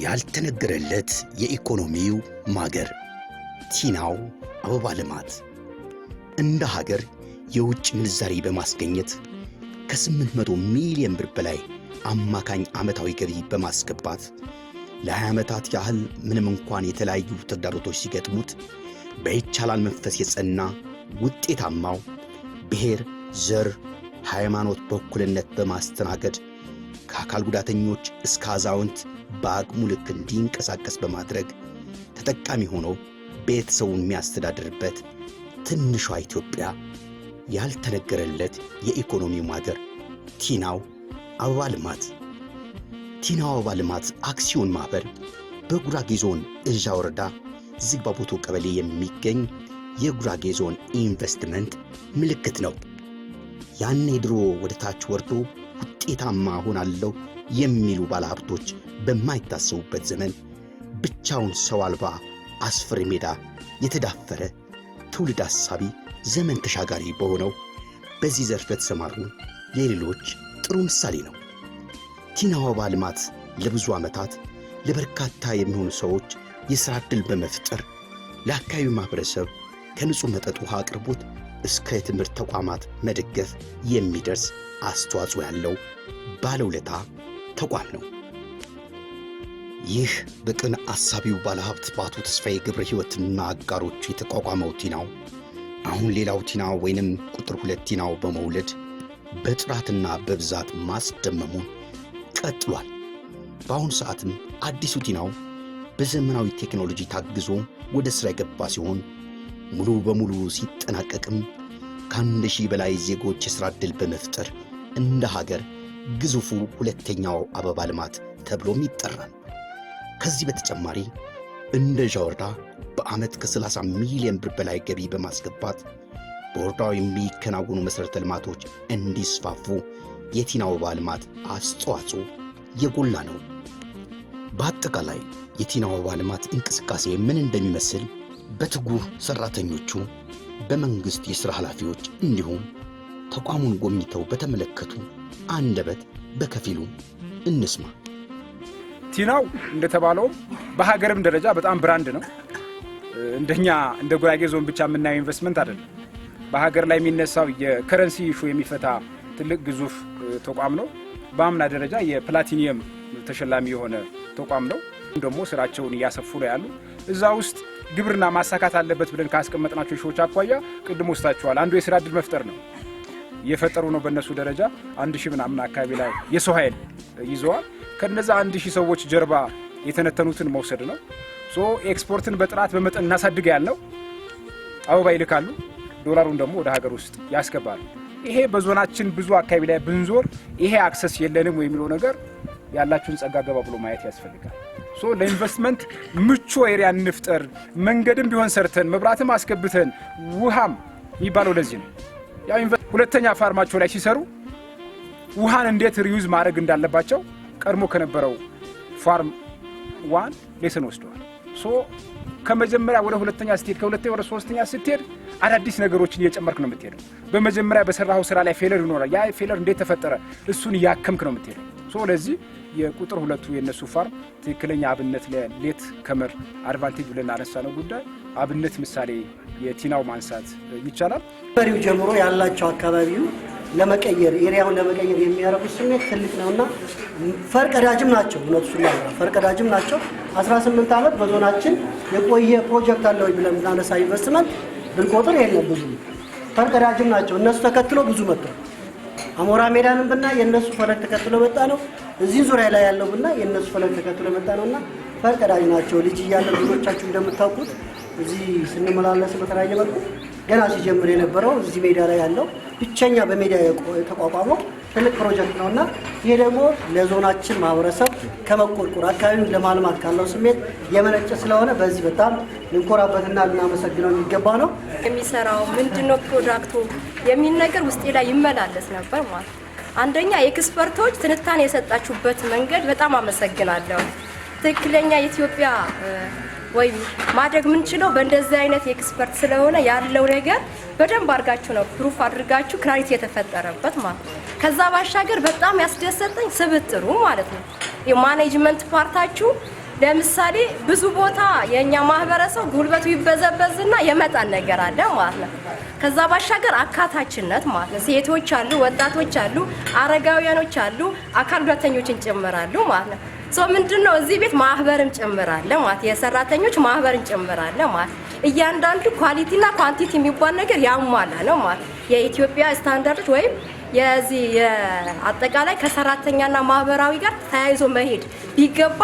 ያልተነገረለት የኢኮኖሚው ማገር ቲናው አበባ ልማት እንደ ሀገር የውጭ ምንዛሪ በማስገኘት ከ800 ሚሊዮን ብር በላይ አማካኝ ዓመታዊ ገቢ በማስገባት ለ20 ዓመታት ያህል ምንም እንኳን የተለያዩ ተግዳሮቶች ሲገጥሙት በይቻላል መንፈስ የጸና ውጤታማው ብሔር፣ ዘር፣ ሃይማኖት በኩልነት በማስተናገድ ከአካል ጉዳተኞች እስከ አዛውንት በአቅሙ ልክ እንዲንቀሳቀስ በማድረግ ተጠቃሚ ሆኖ ቤተሰቡን የሚያስተዳድርበት ትንሿ ኢትዮጵያ ያልተነገረለት የኢኮኖሚ ማገር ቲናው አበባ ልማት። ቲናው አበባ ልማት አክሲዮን ማኅበር በጉራጌ ዞን እዣ ወረዳ ዝግባቦቶ ቀበሌ የሚገኝ የጉራጌ ዞን ኢንቨስትመንት ምልክት ነው። ያኔ ድሮ ወደ ታች ወርዶ ውጤታማ ሆናለሁ የሚሉ ባለሀብቶች በማይታሰቡበት ዘመን ብቻውን ሰው አልባ አስፍር ሜዳ የተዳፈረ ትውልድ አሳቢ ዘመን ተሻጋሪ በሆነው በዚህ ዘርፍ የተሰማሩ የሌሎች ጥሩ ምሳሌ ነው። ቲናዋባ ልማት ለብዙ ዓመታት ለበርካታ የሚሆኑ ሰዎች የሥራ ዕድል በመፍጠር ለአካባቢው ማኅበረሰብ ከንጹሕ መጠጥ ውሃ አቅርቦት እስከ የትምህርት ተቋማት መደገፍ የሚደርስ አስተዋጽኦ ያለው ባለውለታ ተቋም ነው። ይህ በቅን አሳቢው ባለሀብት በአቶ ተስፋዬ ገብረ ሕይወትና አጋሮቹ የተቋቋመው ቲናው አሁን ሌላው ቲናው ወይንም ቁጥር ሁለት ቲናው በመውለድ በጥራትና በብዛት ማስደመሙን ቀጥሏል። በአሁኑ ሰዓትም አዲሱ ቲናው በዘመናዊ ቴክኖሎጂ ታግዞ ወደ ሥራ የገባ ሲሆን ሙሉ በሙሉ ሲጠናቀቅም ከአንድ ሺህ በላይ ዜጎች የሥራ ዕድል በመፍጠር እንደ ሀገር ግዙፉ ሁለተኛው አበባ ልማት ተብሎም ይጠራል። ከዚህ በተጨማሪ እንደ ዣወርዳ በዓመት ከ30 ሚሊዮን ብር በላይ ገቢ በማስገባት በወረዳው የሚከናወኑ መሠረተ ልማቶች እንዲስፋፉ የቲና አበባ ልማት አስተዋጽኦ የጎላ ነው። በአጠቃላይ የቲና አበባ ልማት እንቅስቃሴ ምን እንደሚመስል በትጉህ ሠራተኞቹ፣ በመንግሥት የሥራ ኃላፊዎች እንዲሁም ተቋሙን ጎብኝተው በተመለከቱ አንደበት በከፊሉ እንስማ። ቲናው እንደተባለውም በሀገርም ደረጃ በጣም ብራንድ ነው። እንደኛ እንደ ጉራጌ ዞን ብቻ የምናየው ኢንቨስትመንት አይደለም። በሀገር ላይ የሚነሳው የከረንሲ ኢሹ የሚፈታ ትልቅ ግዙፍ ተቋም ነው። በአምና ደረጃ የፕላቲኒየም ተሸላሚ የሆነ ተቋም ነው። ደግሞ ስራቸውን እያሰፉ ነው ያሉ እዛ ውስጥ ግብርና ማሳካት አለበት ብለን ካስቀመጥናቸው ሾዎች አኳያ ቅድም ወስታችኋል። አንዱ የስራ እድል መፍጠር ነው የፈጠሩ ነው። በእነሱ ደረጃ አንድ ሺህ ምናምን አካባቢ ላይ የሰው ኃይል ይዘዋል። ከነዛ አንድ ሺህ ሰዎች ጀርባ የተነተኑትን መውሰድ ነው። ሶ ኤክስፖርትን በጥራት በመጠን እናሳድግ ያልነው አበባ ይልካሉ፣ ዶላሩን ደግሞ ወደ ሀገር ውስጥ ያስገባሉ። ይሄ በዞናችን ብዙ አካባቢ ላይ ብንዞር ይሄ አክሰስ የለንም የሚለው ነገር ያላችሁን ጸጋ ገባ ብሎ ማየት ያስፈልጋል። ሶ ለኢንቨስትመንት ምቹ ኤሪያ እንፍጠር። መንገድም ቢሆን ሰርተን መብራትም አስገብተን ውሃም የሚባለው ለዚህ ነው። ሁለተኛ ፋርማቸው ላይ ሲሰሩ ውሃን እንዴት ሪዩዝ ማድረግ እንዳለባቸው ቀድሞ ከነበረው ፋርም ዋን ሌሰን ወስደዋል። ሶ ከመጀመሪያ ወደ ሁለተኛ ስትሄድ፣ ከሁለተኛ ወደ ሶስተኛ ስትሄድ አዳዲስ ነገሮችን እየጨመርክ ነው የምትሄደው። በመጀመሪያ በሰራኸው ስራ ላይ ፌለር ይኖራል። ያ ፌለር እንዴት ተፈጠረ? እሱን እያከምክ ነው የምትሄደው። ስለዚህ የቁጥር ሁለቱ የነሱ ፋርም ትክክለኛ አብነት ሌት ከመር አድቫንቴጅ ብለን አነሳ ነው ጉዳይ አብነት ምሳሌ የቲናው ማንሳት ይቻላል። መሪው ጀምሮ ያላቸው አካባቢው ለመቀየር ኤሪያውን ለመቀየር የሚያደርጉት ስሜት ትልቅ ነውና ፈርቀዳጅም ናቸው። እውነቱ ፈርቀዳጅም ናቸው። 18 ዓመት በዞናችን የቆየ ፕሮጀክት አለ ወይ ብለን ብናነሳ ኢንቨስትመንት ብንቆጥር የለም ብዙ ፈርቀዳጅም ናቸው። እነሱ ተከትሎ ብዙ መጥቷል። አሞራ ሜዳንም ብና የእነሱ ፈለግ ተከትሎ መጣ ነው። እዚህ ዙሪያ ላይ ያለው ብና የእነሱ ፈለግ ተከትሎ መጣ ነው እና ፈር ቀዳጅ ናቸው። ልጅ እያለ ብዙዎቻችሁ እንደምታውቁት እዚህ ስንመላለስ በተለያየ መልኩ ገና ሲጀምር የነበረው እዚህ ሜዳ ላይ ያለው ብቸኛ በሜዳ የተቋቋመው ትልቅ ፕሮጀክት ነው እና ይሄ ደግሞ ለዞናችን ማህበረሰብ ከመቆርቆር አካባቢውን ለማልማት ካለው ስሜት የመነጨ ስለሆነ በዚህ በጣም ልንኮራበትና ልናመሰግነው የሚገባ ነው። የሚሰራው ምንድነው ፕሮዳክቱ የሚል ነገር ውስጤ ላይ ይመላለስ ነበር ማለት አንደኛ የኤክስፐርቶች ትንታኔ የሰጣችሁበት መንገድ በጣም አመሰግናለሁ። ትክክለኛ ኢትዮጵያ ወይም ማድረግ የምንችለው በእንደዚህ አይነት ኤክስፐርት ስለሆነ ያለው ነገር በደንብ አድርጋችሁ ነው ፕሩፍ አድርጋችሁ ክራሪት የተፈጠረበት ማለት ነው። ከዛ ባሻገር በጣም ያስደሰተኝ ስብጥሩ ማለት ነው የማኔጅመንት ፓርታችሁ። ለምሳሌ ብዙ ቦታ የእኛ ማህበረሰብ ጉልበቱ ይበዘበዝና የመጣን ነገር አለ ማለት ነው። ከዛ ባሻገር አካታችነት ማለት ነው። ሴቶች አሉ፣ ወጣቶች አሉ፣ አረጋውያኖች አሉ፣ አካል ጉዳተኞችን ጭምራሉ ማለት ነው። ሶ ምንድን ነው እዚህ ቤት ማህበርም ጭምራለ ማለት የሰራተኞች ማህበርም ጭምራለ ማለት እያንዳንዱ ኳሊቲና ኳንቲቲ የሚባል ነገር ያሟላ ነው ማለት የኢትዮጵያ ስታንዳርዶች ወይም የዚህ አጠቃላይ ከሰራተኛና ማህበራዊ ጋር ተያይዞ መሄድ ቢገባ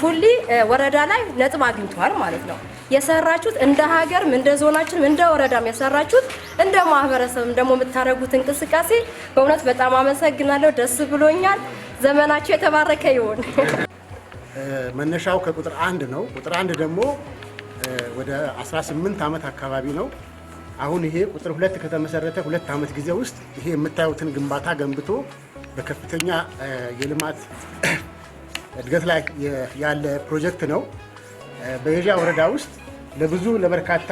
ፉሊ ወረዳ ላይ ነጥብ አግኝቷል ማለት ነው። የሰራችሁት እንደ ሀገርም እንደ ዞናችንም እንደ ወረዳም የሰራችሁት እንደ ማህበረሰብም ደግሞ የምታደርጉት እንቅስቃሴ በእውነት በጣም አመሰግናለሁ። ደስ ብሎኛል። ዘመናችሁ የተባረከ ይሁን። መነሻው ከቁጥር አንድ ነው። ቁጥር አንድ ደግሞ ወደ 18 ዓመት አካባቢ ነው። አሁን ይሄ ቁጥር ሁለት ከተመሰረተ ሁለት ዓመት ጊዜ ውስጥ ይሄ የምታዩትን ግንባታ ገንብቶ በከፍተኛ የልማት እድገት ላይ ያለ ፕሮጀክት ነው። በየዣ ወረዳ ውስጥ ለብዙ ለበርካታ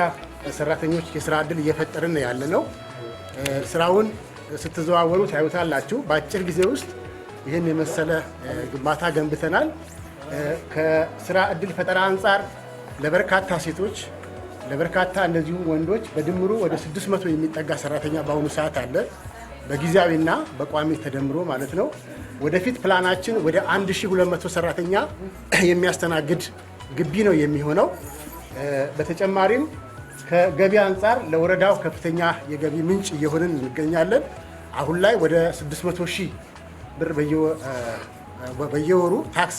ሰራተኞች የስራ እድል እየፈጠርን ያለ ነው። ስራውን ስትዘዋወሩ ታዩታላችሁ። በአጭር ጊዜ ውስጥ ይህን የመሰለ ግንባታ ገንብተናል። ከስራ እድል ፈጠራ አንጻር ለበርካታ ሴቶች ለበርካታ እንደዚሁም ወንዶች በድምሩ ወደ 600 የሚጠጋ ሰራተኛ በአሁኑ ሰዓት አለ። በጊዜያዊና በቋሚ ተደምሮ ማለት ነው። ወደፊት ፕላናችን ወደ 1200 ሰራተኛ የሚያስተናግድ ግቢ ነው የሚሆነው። በተጨማሪም ከገቢ አንጻር ለወረዳው ከፍተኛ የገቢ ምንጭ እየሆንን እንገኛለን። አሁን ላይ ወደ 600 ሺህ ብር በየወሩ ታክስ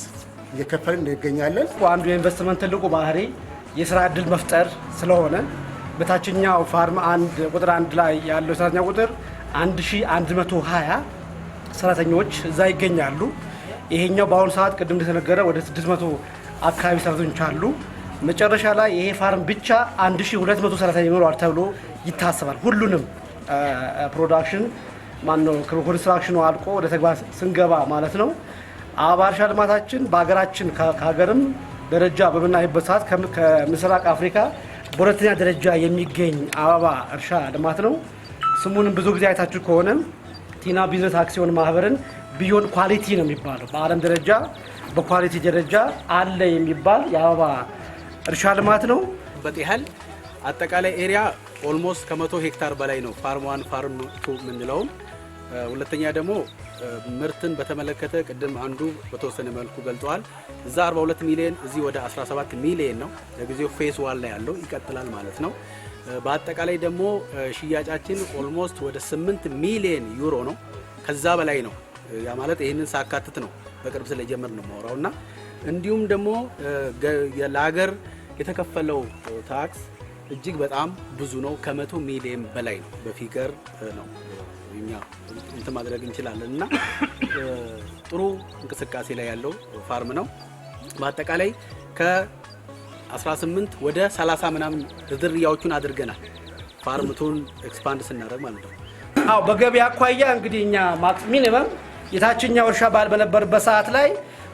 እየከፈልን እንገኛለን። አንዱ የኢንቨስትመንት ትልቁ ባህሪ የስራ እድል መፍጠር ስለሆነ በታችኛው ፋርም አንድ ቁጥር አንድ ላይ ያለው የሰራተኛ ቁጥር 1120 ሰራተኞች እዛ ይገኛሉ። ይሄኛው በአሁኑ ሰዓት ቅድም እንደተነገረ ወደ 600 አካባቢ ሰራተኞች አሉ። መጨረሻ ላይ ይሄ ፋርም ብቻ 1200 ሰራተኛ ይኖረዋል ተብሎ ይታሰባል። ሁሉንም ፕሮዳክሽን ማነው ኮንስትራክሽኑ አልቆ ወደ ተግባር ስንገባ ማለት ነው። አበባ እርሻ ልማታችን በሀገራችን ከሀገርም ደረጃ በምናይበት ሰዓት ከምስራቅ አፍሪካ በሁለተኛ ደረጃ የሚገኝ አበባ እርሻ ልማት ነው። ስሙንም ብዙ ጊዜ አይታችሁ ከሆነ ቲና ቢዝነስ አክሲዮን ማህበርን ቢዮን ኳሊቲ ነው የሚባለው። በዓለም ደረጃ በኳሊቲ ደረጃ አለ የሚባል የአበባ እርሻ ልማት ነው። በጤህል አጠቃላይ ኤሪያ ኦልሞስት ከመቶ ሄክታር በላይ ነው ፋርም ዋን ፋርም ቱ የምንለውም ሁለተኛ ደግሞ ምርትን በተመለከተ ቅድም አንዱ በተወሰነ መልኩ ገልጠዋል። እዛ 42 ሚሊዮን እዚህ ወደ 17 ሚሊዮን ነው ለጊዜው ፌስ ዋን ላይ ያለው ይቀጥላል ማለት ነው። በአጠቃላይ ደግሞ ሽያጫችን ኦልሞስት ወደ 8 ሚሊዮን ዩሮ ነው፣ ከዛ በላይ ነው። ያ ማለት ይህንን ሳካትት ነው በቅርብ ስለጀመር ነው ማውራው እና እንዲሁም ደግሞ ለሀገር የተከፈለው ታክስ እጅግ በጣም ብዙ ነው። ከመቶ ሚሊዮን በላይ ነው በፊገር ነው እኛ እንትን ማድረግ እንችላለን እና ጥሩ እንቅስቃሴ ላይ ያለው ፋርም ነው። በአጠቃላይ ከ18 ወደ 30 ምናምን ዝርያዎቹን አድርገናል። ፋርምቱን ኤክስፓንድ ስናደርግ ማለት ነው። አዎ በገበያ አኳያ እንግዲህ እኛ ሚኒመም የታችኛው እርሻ ባል በነበርበት ሰዓት ላይ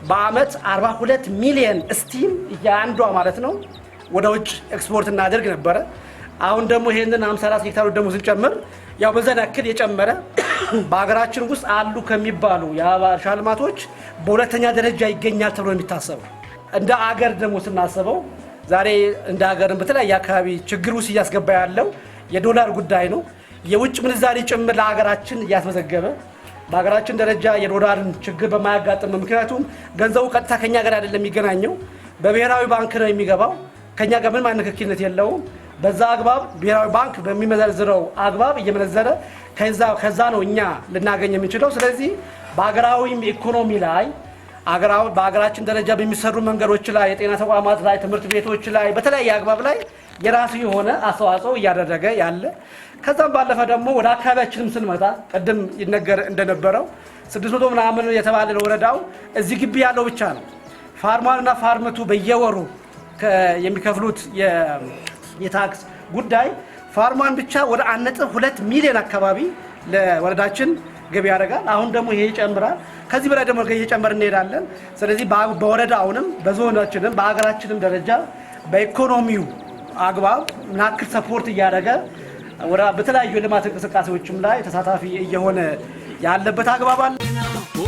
በአመት 42 ሚሊየን ስቲም እያንዷ ማለት ነው ወደ ውጭ ኤክስፖርት እናደርግ ነበረ። አሁን ደግሞ ይሄንን 54 ሄክታር ደግሞ ስንጨምር ያው በዛን ያክል የጨመረ በሀገራችን ውስጥ አሉ ከሚባሉ የአበባ እርሻ ልማቶች በሁለተኛ ደረጃ ይገኛል ተብሎ የሚታሰበው እንደ አገር ደግሞ ስናስበው ዛሬ እንደ ሀገርን በተለያየ አካባቢ ችግር ውስጥ እያስገባ ያለው የዶላር ጉዳይ ነው። የውጭ ምንዛሪ ጭምር ለሀገራችን እያስመዘገበ በሀገራችን ደረጃ የዶላርን ችግር በማያጋጥም ምክንያቱም ገንዘቡ ቀጥታ ከኛ ጋር አይደለም የሚገናኘው፣ በብሔራዊ ባንክ ነው የሚገባው። ከኛ ጋር ምንም አይነት ንክኪነት የለውም። በዛ አግባብ ብሔራዊ ባንክ በሚመዘርዝረው አግባብ እየመነዘረ ከዛ ነው እኛ ልናገኝ የምንችለው። ስለዚህ በሀገራዊም ኢኮኖሚ ላይ በሀገራችን ደረጃ በሚሰሩ መንገዶች ላይ፣ የጤና ተቋማት ላይ፣ ትምህርት ቤቶች ላይ በተለያየ አግባብ ላይ የራሱ የሆነ አስተዋጽኦ እያደረገ ያለ ከዛም ባለፈ ደግሞ ወደ አካባቢያችንም ስንመጣ ቅድም ይነገር እንደነበረው ስድስት መቶ ምናምን የተባለ ወረዳው እዚህ ግቢ ያለው ብቻ ነው። ፋርማንና ፋርምቱ በየወሩ የሚከፍሉት የታክስ ጉዳይ ፋርሟን ብቻ ወደ አንድ ነጥብ ሁለት ሚሊዮን አካባቢ ለወረዳችን ገቢ ያደርጋል። አሁን ደግሞ ይሄ ይጨምራል። ከዚህ በላይ ደግሞ እየጨመር እንሄዳለን። ስለዚህ በወረዳ አሁንም በዞናችንም በሀገራችንም ደረጃ በኢኮኖሚው አግባብ ምናክል ሰፖርት እያደረገ በተለያዩ የልማት እንቅስቃሴዎችም ላይ ተሳታፊ እየሆነ ያለበት አግባብ አለ።